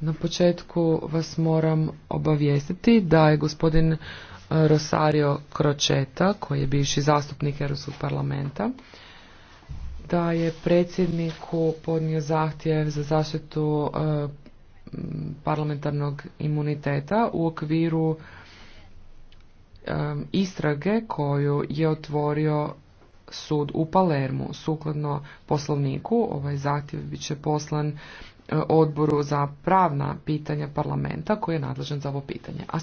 Na početku vas moram obavijestiti da je gospodin e, Rosario Kročeta, koji je bivši zastupnik Europskog parlamenta, da je predsjedniku podnio zahtjev za zaštitu e, parlamentarnog imuniteta u okviru e, istrage koju je otvorio sud u Palermu. Sukladno poslovniku ovaj zahtjev bit će poslan e, odboru za pravna pitanja parlamenta koji je nadležan za ovo pitanje.